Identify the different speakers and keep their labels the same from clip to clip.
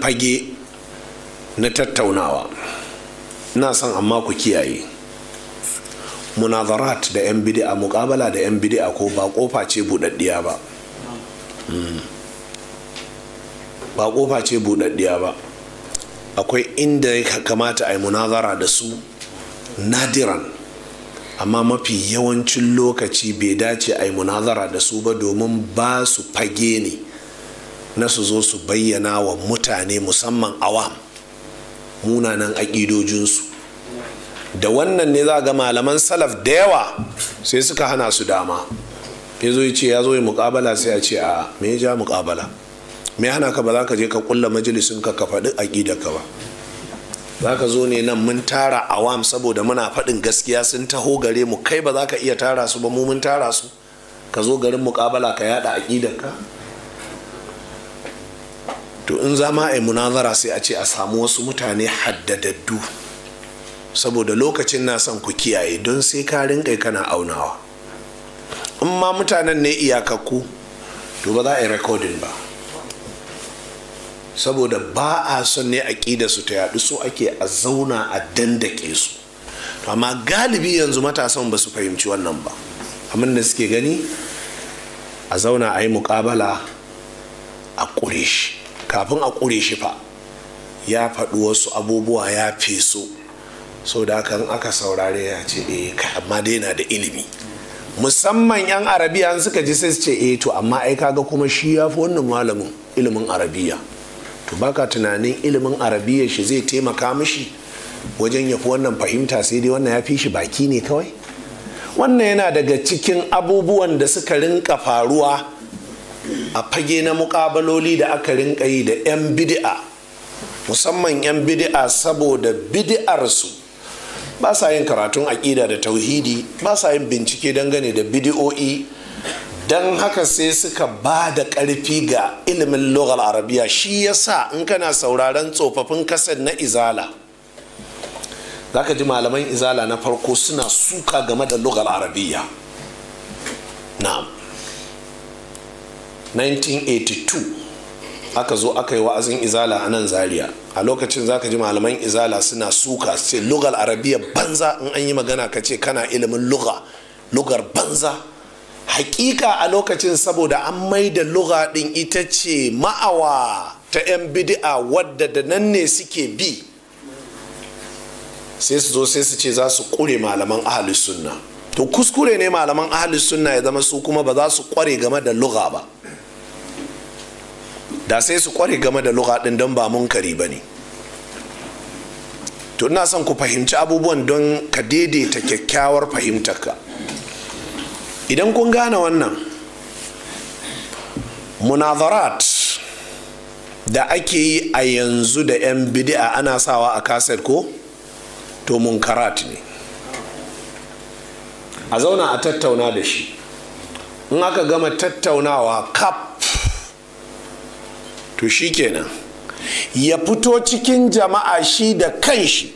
Speaker 1: fage na tattaunawa na son amma ku kiyaye munazarat da 'yan bidi'a mukabala da 'yan bidi'a ko ba kofa ce budaddiya ba hmm. ba kofa ce budaddiya ba akwai inda ya kamata a yi munazara da su nadiran amma mafi yawancin lokaci bai dace a yi munazara da su ba domin ba su fage ne na su zo su bayyana wa mutane musamman awam munanan aƙidojinsu da wannan ne za ga malaman salaf da yawa sai suka hana su dama ya zo ya ce ya zo ya muƙabala sai a ce a me ya ja muƙabala me hana ka ba za ka je ka kulla majalisin ka ka faɗi aƙidar ka ba za ka zo ne nan mun tara awam saboda muna faɗin gaskiya sun taho gare mu kai ba za ka iya tara su ba mu mun tara su ka zo garin muƙabala ka yaɗa aƙidar ka to in za ma a yi munazara sai a ce a samu wasu mutane haddadaddu saboda lokacin na son ku kiyaye don sai ka rinkai kana aunawa in ma mutanen ne iyakakku to ba za a yi rikodin ba saboda ba a son ne aƙida su ta yaɗu so ake a zauna a dandake su amma galibi yanzu matasan ba su fahimci wannan ba amin da suke gani a zauna a yi muƙabala a ƙure shi kafin a ƙure shi fa ya faɗi wasu abubuwa ya feso so da aka saurare ya ce eh amma dai na da ilimi musamman yan arabiya an suka ji sai su ce eh to amma ai kaga kuma shi ya fi wannan malamin ilimin arabiya to baka tunanin ilimin arabiya shi zai taimaka mishi wajen ya fi wannan fahimta sai dai wannan ya fi shi baki ne kawai wannan yana daga cikin abubuwan da suka rinka faruwa a fage na mukabaloli da aka rinka yi da 'yan bidi'a musamman 'yan bidi'a saboda bidi'arsu ba sa yin karatun aƙida da tauhidi ba sa yin bincike dangane da bidi'o'i don haka sai suka ba da ƙarfi ga ilimin lokal arabiya shi ya sa in kana sauraron tsofaffin kasar na izala Za ka ji malaman izala na farko suna suka game da lokal arabiya 1982 aka zo aka yi wa'azin izala a nan zaria a lokacin zaka ji malaman izala suna suka ce lugar arabiya banza in an yi magana ka ce kana ilimin luga lugar banza hakika a lokacin saboda an mai da luga din ita ce ma'awa ta 'yan bidi'a wadda da nan ne suke bi sai su zo sai su ce za su kure malaman ahli sunna to kuskure ne malaman ahli sunna ya zama su kuma ba za su kware game da luga ba da sai su kware game da lugha din don ba munkari ba ne to ina son ku fahimci abubuwan don ka daidaita kyakkyawar fahimtarka idan kun gane wannan munazarat da ake yi a yanzu da 'yan bidi'a ana sawa a kaset ko to munkarat ne a zauna a tattauna da shi in aka gama tattaunawa kap to shikenan ya fito cikin jama'a shi da kanshi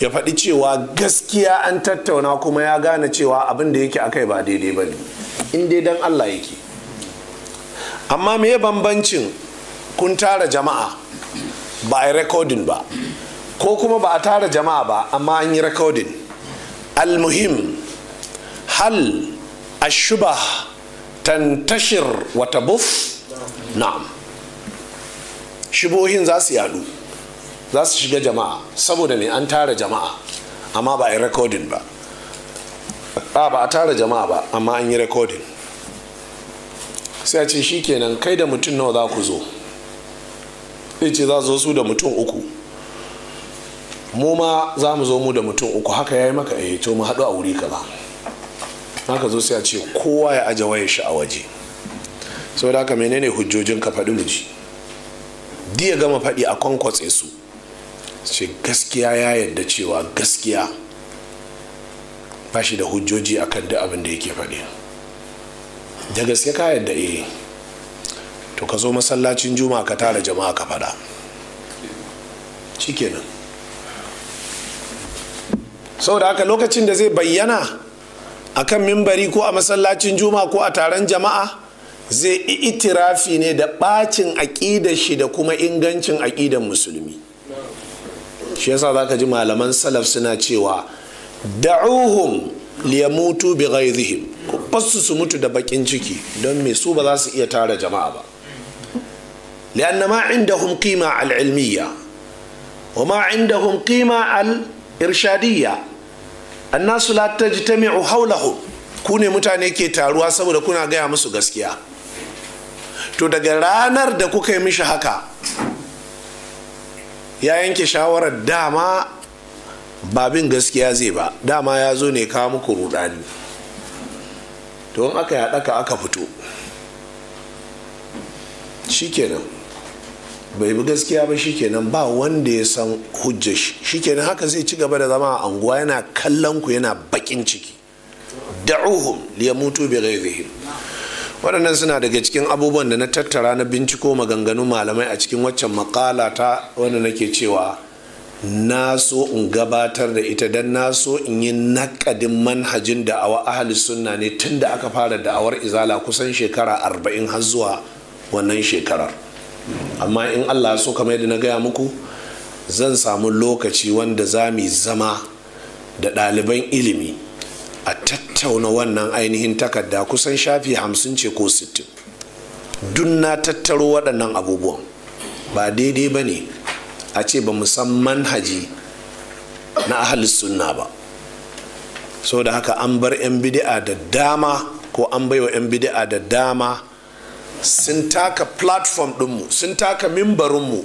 Speaker 1: ya faɗi cewa gaskiya an tattauna kuma ya gane cewa abin da yake akai ba daidai ba ne in dai dan allah yake amma me bambancin kun tara jama'a ba a yi rekodin ba ko kuma ba a tara jama'a ba amma an yi recording almuhim hal ashubah tantashir wata buf na'am shibohin za su yadu za su shiga jama'a saboda ne an tara jama'a amma ba a yi rekodin ba a ba a tara jama'a ba amma an yi rekodin sai a ce shi kenan kai da mutum nawa za ku zo zai ce za zo su da mutum uku mu ma za mu zo mu da mutum uku haka ya yi maka eh to mu haɗu a wuri ka ba haka zo sai a ce kowa ya aje wayar shi a waje saboda haka menene hujjojin ka faɗi mu ji diya gama faɗi a kwankwatse su ce gaskiya ya yadda cewa gaskiya ba shi da hujjoji akan duk abin da yake faɗi da gaske ka yadda eh to ka zo masallacin juma'a ka tara jama'a ka faɗa shikenan saboda haka lokacin da zai bayyana a kan mimbari ko a masallacin juma'a ko a taron jama'a zai itirafi ne da bacin aƙidar shi da kuma ingancin aƙidar musulmi shi yasa za ka ji malaman salaf suna cewa da'uhum liyamutu bi ghairihim basu su mutu da bakin ciki don me su ba za su iya tara jama'a ba lianna ma indahum qima al ilmiya wa ma indahum qima al irshadiyya annasu la tajtami'u hawlahum ku ne mutane ke taruwa saboda kuna gaya musu gaskiya to daga ranar da kuka yi mishi haka ya yanke shawarar dama babin gaskiya zai ba dama ya zo ne kawo muku rudani to in aka yaɗa aka fito shikenan bai bi gaskiya ba shikenan ba wanda ya san hujja shikenan haka zai ci gaba da zama a anguwa yana kallon ku yana bakin ciki da'uhum bai bi ghairihim waɗannan suna daga cikin abubuwan da na tattara na binciko maganganu malamai a cikin waccan makala ta wanda nake cewa na so in gabatar da ita don na so in yi nakadin manhajin da awa ahli sunna ne tun da aka fara da'awar izala kusan shekara arba'in har zuwa wannan shekarar amma in allah so kamar yadda na gaya muku zan samu lokaci wanda za mu zama da ɗaliban ilimi a tattara tattauna wannan ainihin takarda kusan shafi hamsin ce ko sittin duk na tattaro waɗannan abubuwan ba daidai ba ne a ce ba san manhaji na ahalis sunna ba so da haka an bar 'yan bidi'a da dama ko an baiwa 'yan bidi'a da dama sun taka platform dinmu sun taka mimbarinmu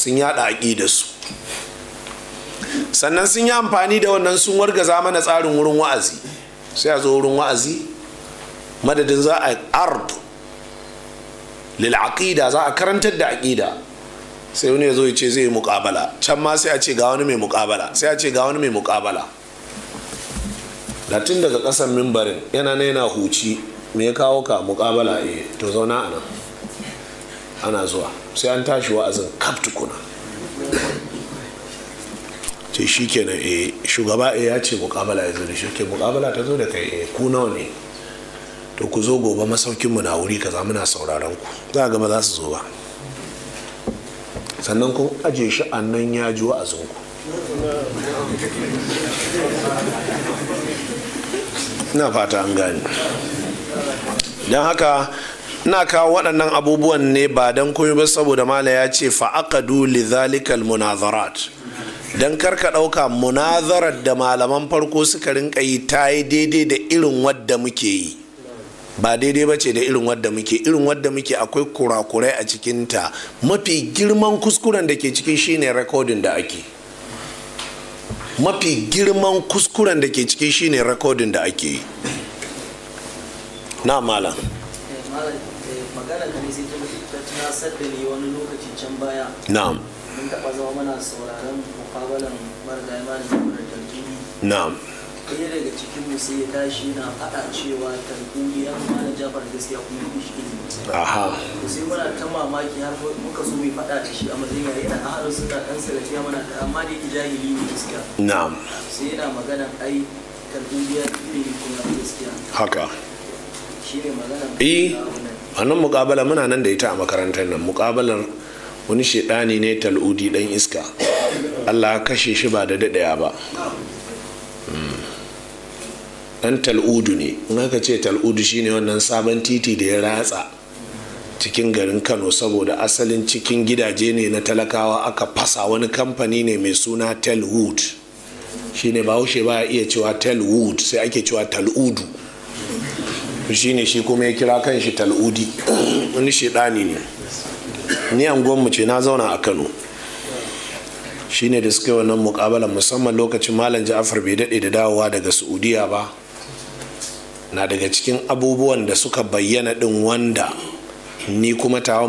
Speaker 1: sun yada da su. sannan sun yi amfani da wannan sun wargaza mana tsarin wurin wa'azi sai a zo wurin wa'azi madadin za a ard lil aqida za a karantar da aqida sai wani ya zo ya ce zai yi muƙabala can ma sai a ce ga wani mai muƙabala sai a ce ga wani mai muƙabala latin daga ƙasan mimbarin yana na yana huci me ya kawo ka muƙabala eh to zauna a nan ana zuwa sai an tashi wa'azin kaf tukuna shi kenan eh shugaba eh ya ce mukamala ya zo da shi ke ta zo da kai eh ku nawa ne to ku zo gobe masaukin mu na wuri ka za muna sauraron ku za ga ba za su zo ba sannan kun aje shi a nan ya ji wa'azin ku na fata an gani don haka na kawo waɗannan abubuwan ne ba don kuma ba saboda mala ya ce fa'aqadu lizalikal munazarat don karka ɗauka munazarar da malaman farko suka rinka yi ta yi daidai da irin wadda muke yi ba daidai ba ce da irin wadda muke irin wadda muke akwai kurakurai a cikinta mafi girman kuskuren da ke ciki shine rekodin da ake mafi girman kuskuren da ke ciki shine rekodin da ake yi na malam eh, eh, magana ne sai ta tunasar da wani lokaci can baya na'am mun taɓa zama muna sauraron mukabalan marigayi malamin da tarjini na'am ɗaya daga cikin mu sai ya tashi na faɗa cewa tarjini ya kuma na jafar gaskiya kuma ya shi ilimi aha sai muna ta mamaki har muka so mai faɗa da shi a matsayin yayi da ahalin suna ɗan salafiya mana ta amma da yake jahili ne gaskiya na'am sai yana magana ai tarjini ya ilimi kuma gaskiya haka Shi shine magana eh wannan mukabala muna nan da ita a makarantar nan mukabalar wani shaidani ne tal'udi dan iska allah kashe shi ba da daɗaya ba hmm. dan tal'udu ne in aka ce tal'udu shine wannan sabon titi da ya ratsa cikin garin kano saboda asalin cikin gidaje ne na talakawa aka fasa wani kamfani ne mai suna telwood shine bahaushe ba iya cewa telwood sai ake cewa tal'udu shine shi kuma ya kira kan shi tal'udi wani shidani ne ni anguwanmu ce na zauna a kano shine da suka yi wannan mukabalan musamman lokacin malam ja'afar bai daɗe da dawowa daga saudiya ba na daga cikin abubuwan da suka bayyana ɗin wanda ni kuma tawa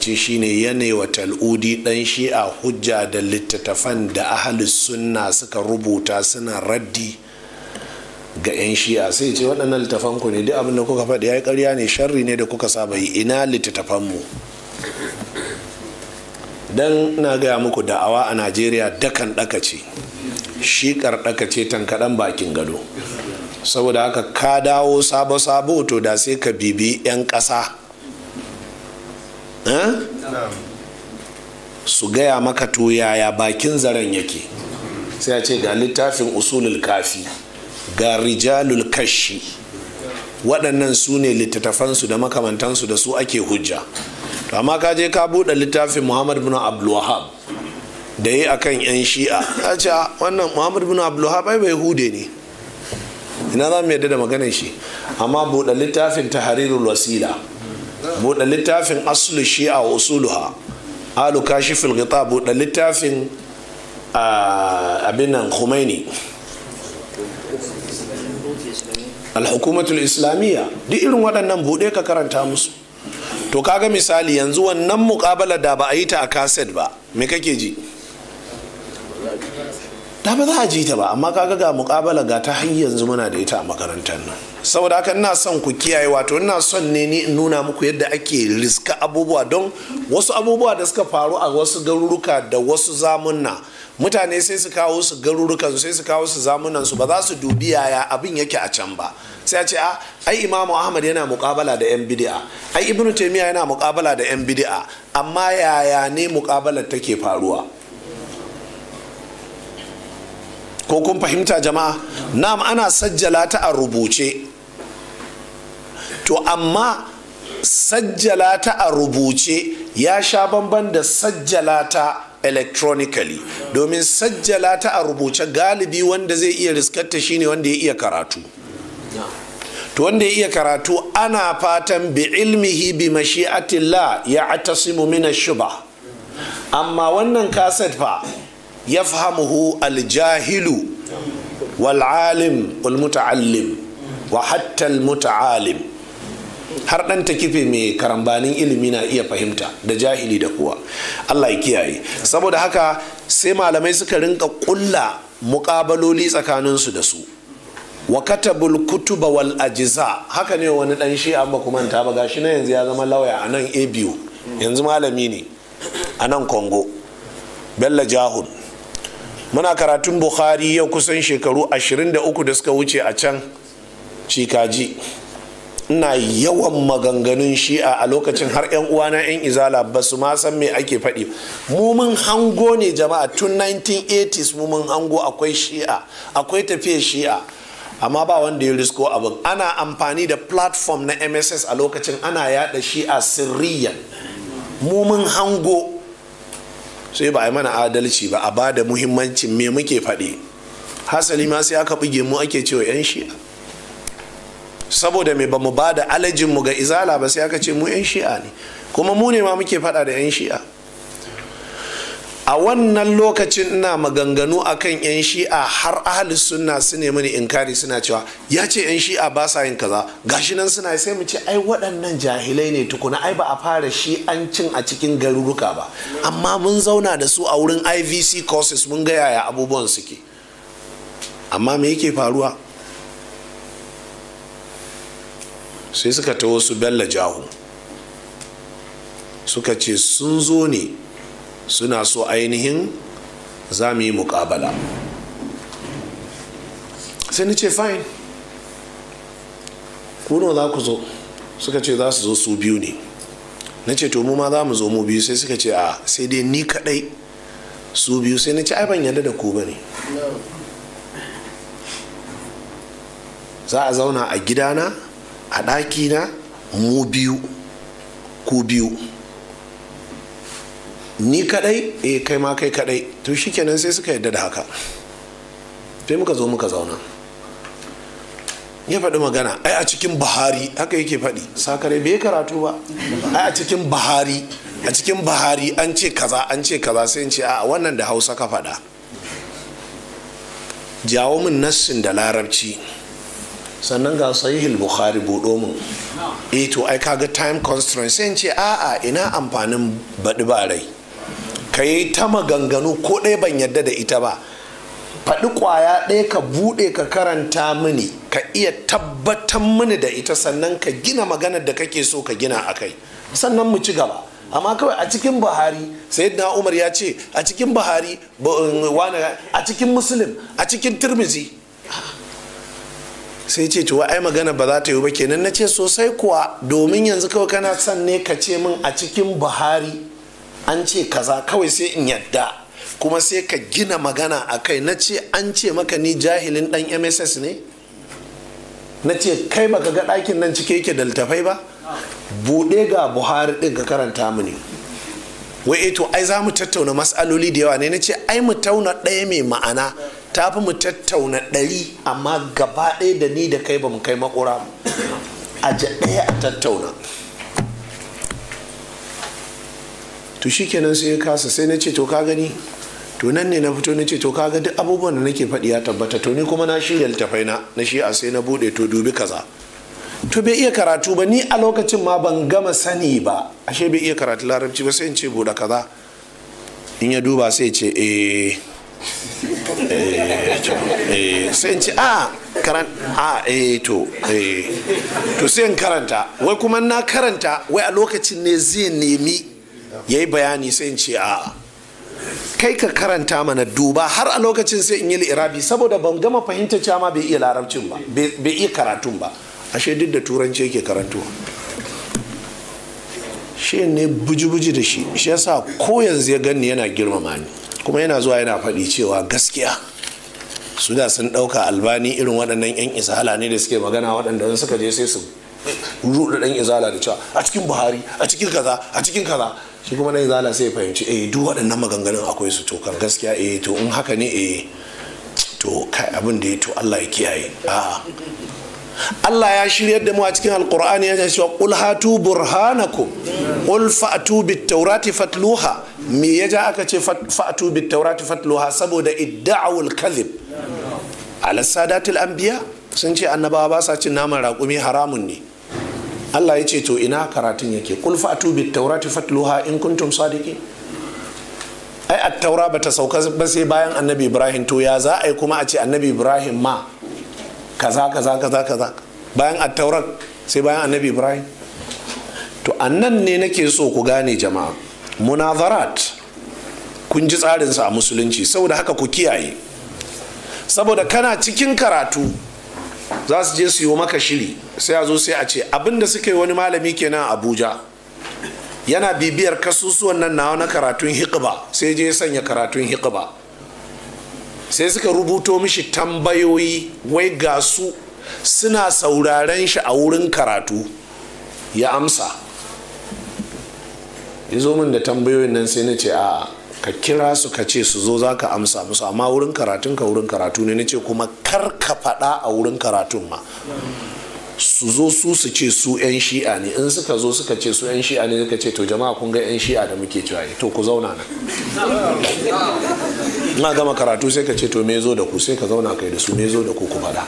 Speaker 1: shi ne yanayi wa tal'udi ɗan shi'a hujja da littattafan da ahali sunna suka rubuta suna raddi ga 'yan shi'a sai ce waɗannan littattafan ku ne duk abin da kuka faɗi ya yi ƙarya ne sharri ne da kuka saba yi ina littattafan mu don na gaya muku da'awa a najeriya dakan ɗakace shikar ɗakace tankaɗan bakin gado saboda haka ka dawo sabo-sabo to da sai ka bibi 'yan ƙasa su gaya maka to yaya bakin zaren yake sai a ce ga littafin usulul kafi ga rijalul kashi waɗannan su ne littattafansu da makamantansu da su ake hujja amma ka je ka buɗe littafin muhammad bin abdulwahab da yi akan yan shi'a ya ce ah, wannan muhammad bin abdulwahab ai bai hude ne ina za mu yadda da maganar shi amma buɗe littafin tahrirul wasila buɗe littafin aslu shi'a wa usuluha alu kashifil ghita buɗe littafin ah, abin nan khumaini al-hukumatul islamiyya duk irin waɗannan buɗe ka karanta musu to kaga misali yanzu wannan mukabala da ba a yi ta a kaset ba me kake ji da ba za a ji ta ba amma kaga ga mukabala ga ta hanyar yanzu muna da ita a makarantar nan saboda haka ina son ku kiyaye wato ina son ne ni in nuna muku yadda ake riska abubuwa don wasu abubuwa da suka faru a wasu garuruka da wasu zamunna mutane sai su kawo su garurukan sai su kawo su zamunan su ba za su dubi yaya abin yake a can ba sai a ce a ah, ai imamu ahmad yana mukabala da yan bidi'a. ai ibnu taymiya yana mukabala da yan bid'a amma yaya ne mukabalar take faruwa ko kun fahimta jama'a na'am ana sajjala ta a rubuce to amma sajjala ta a rubuce ya sha bamban da sajjala ta electronically domin sajjala ta a rubuce galibi wanda zai iya riskatta shine wanda ya iya karatu to wanda ya iya karatu ana fatan bi ilmihi bi mashi'atillah ya atasimu mina shuba amma wannan kaset fa ya fahimuhu aljahilu wal'alim wal muta'allim wa hatta al muta'allim har ɗan ta kife mai karambanin ilimi na iya fahimta da jahili da kuwa allah ya kiyaye saboda haka sai malamai suka rinka ƙulla muƙabaloli tsakaninsu da su wa katabul kutuba wal ajiza haka ne wani ɗan shi an ba manta ba gashi na yanzu ya zama lauya a nan abu yanzu malami ne a nan congo bello jahun muna karatun bukhari yau kusan shekaru 23 da suka wuce a can cikaji ina yawan maganganun shi'a a lokacin har 'yan uwana 'yan izala ba su ma san me ake faɗi mu mun hango ne jama'a tun 1980s mu mun hango akwai shi'a akwai tafiyar shi'a amma ba wanda ya risko abin ana amfani da platform na mss a lokacin ana yada shi'a sirriya mu mun hango sai ba a yi mana adalci ba a bada da muhimmancin me muke faɗi hasali ma sai aka buge mu ake cewa 'yan shi'a saboda me ba mu ba da alajin mu ga izala ba sai aka ce mu 'yan shi'a ne kuma mu ne ma muke faɗa da 'yan shi'a a wannan lokacin ina maganganu akan 'yan shi'a har ahli sunna su ne mini inkari suna cewa ya ce 'yan shi'a ba sa yin kaza gashi nan suna sai mu ce ai waɗannan jahilai ne tukuna ai ba a fara shi an cin a cikin garuruka ba amma mun zauna da su a wurin ivc courses mun ga yaya abubuwan suke amma me yake faruwa sai suka ta wasu bella jahu suka ce sun zo ne suna so ainihin za mu yi mukabala sai ni ce fine kuno za ku zo suka ce za su zo su biyu ne na ce to mu ma za mu zo mu biyu sai suka ce a sai dai ni kadai su biyu sai na ce ai ban yadda da ku bane za a zauna a gidana a ɗaki na mu biyu ku biyu ni kadai eh kai ma kai kadai to shikenan sai suka yadda da haka sai muka zo muka zauna ya faɗi magana ai a cikin bahari haka yake faɗi sakare bai karatu ba ai a cikin bahari a cikin bahari an ce kaza an ce kaza sai in ce a wannan da hausa ka faɗa jawo min nassin da larabci sannan ga sahihul bukhari buɗo mun eh to ai kaga time constraint sai ce a'a ina amfanin baɗi ba rai ka yi ta maganganu ko ɗaya ban yadda da ita ba faɗi ƙwaya ɗaya ka buɗe ka karanta mini ka iya tabbatar mini da ita sannan ka gina maganar da kake so ka gina a kai sannan mu ci gaba amma kawai a cikin buhari sayyidina umar ya ce a cikin buhari a cikin muslim a cikin turmizi sai ce to ai magana ba za ta yi ba kenan na ce sosai kuwa domin yanzu kawai kana son ne ka ce min a cikin buhari an ce kaza kawai sai in yadda kuma sai ka gina magana a kai na ce an ce maka ni jahilin dan mss ne na ce kai baka ga ɗakin nan cike yake da littafai ba buɗe ga buhari ɗin ka karanta mini wai eh to ai za mu tattauna matsaloli da yawa ne na ce ai mu tauna ɗaya mai ma'ana ta fi mu tattauna ɗari amma gaba ɗaya da ni da kai ba mu kai makura a ji ɗaya a tattauna to kenan sai ya kasa sai na ce to ka gani to nan ne na fito na ce to ka ga duk abubuwan da nake faɗi ya tabbata to ni kuma na shirya littafai na na shi a sai na buɗe to dubi kaza to bai iya karatu ba ni a lokacin ma ban gama sani ba ashe bai iya karatu larabci ba sai in ce buɗe kaza in ya duba sai ce eh Eh, eh, eh, sai in ce ah, karan a ah, eh to to sai in karanta wai kuma na karanta wai a lokacin ne zai nemi ya yi bayani sai in ce a ah, kai ka karanta mana duba har a lokacin sai in yi irabi saboda ban gama fahimta cewa ma bai iya larabcin ba bai iya karatun ba ashe duk da turanci yake karantuwa shi ne buji-buji da shi shi yasa ko yanzu ya gani yana girmama ni kuma yana zuwa yana faɗi cewa gaskiya su da sun ɗauka albani irin waɗannan 'yan izala ne da suke magana waɗanda suka je sai su ruɗa ɗan izala da cewa a cikin buhari a cikin kaza a cikin kaza shi kuma na izala sai fahimci eh duk waɗannan maganganun akwai su tokar gaskiya eh to in haka ne eh to kai abin da ya to allah ya kiyaye a'a Allah ya shiryar da mu a cikin alkur'ani ya cewa qul hatu burhanaku qul fa'tu bit-taurati fatluha me yaja aka ce fa'tu bit-taurati fatluha saboda idda'ul kadhib ala sadatil anbiya sun ce annabawa ba sa cin naman raƙumi haramun ne Allah ya ce to ina karatun yake qul fa'tu bit-taurati fatluha in kuntum sadiqin ai at-taura bata sauka ba sai bayan annabi Ibrahim to ya za a yi kuma a ce annabi Ibrahim ma kaza kaza kaza kaza bayan attaurar sai bayan annabi ibrahim to annan ne nake so ku gane jama'a munazarat kun ji tsarin sa a musulunci saboda haka ku kiyaye saboda kana cikin karatu za su je su yi maka shiri sai a zo sai a ce abinda suka yi wani malami kenan abuja yana bibiyar kasusuwan nan nawa na karatun hikba sai je sanya karatun hikba sai suka rubuto mishi tambayoyi wai ga su suna sauraren shi a wurin karatu ya amsa ya zo min da tambayoyin nan sai na ce a ka kira su ka ce su zo za ka amsa musu amma wurin karatun ka wurin karatu ne na ce kuma kar ka faɗa a wurin karatun ma su zo su su ce su 'yan shi'a ne in suka zo suka ce su 'yan shi'a ne suka ce to jama'a kun ga 'yan shi'a da muke cewa to ku zauna nan na gama karatu sai ka ce to me zo da ku sai ka zauna kai da su me zo da ku kuma da.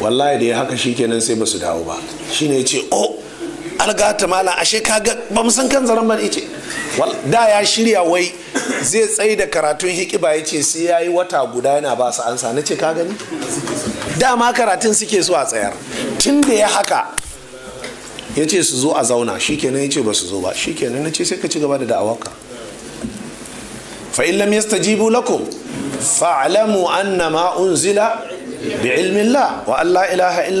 Speaker 1: wallahi da ya haka shikenan sai ba su dawo ba shi ya ce oh algata mala ashe ga ba mu san kan zaren ba ce da ya shirya wai zai tsaye da karatun hikiba ya ce sai ya yi wata guda yana ba su ansa na ce ka gani dama karatun suke so a tsayar tun da ya haka ya ce su zo a zauna shikenan ya ce ba su zo ba shikenan na ce sai ka ci gaba da da'awarka فإن لم يستجيبوا لكم فاعلموا أن ما أنزل بعلم الله وأن لا إله إلا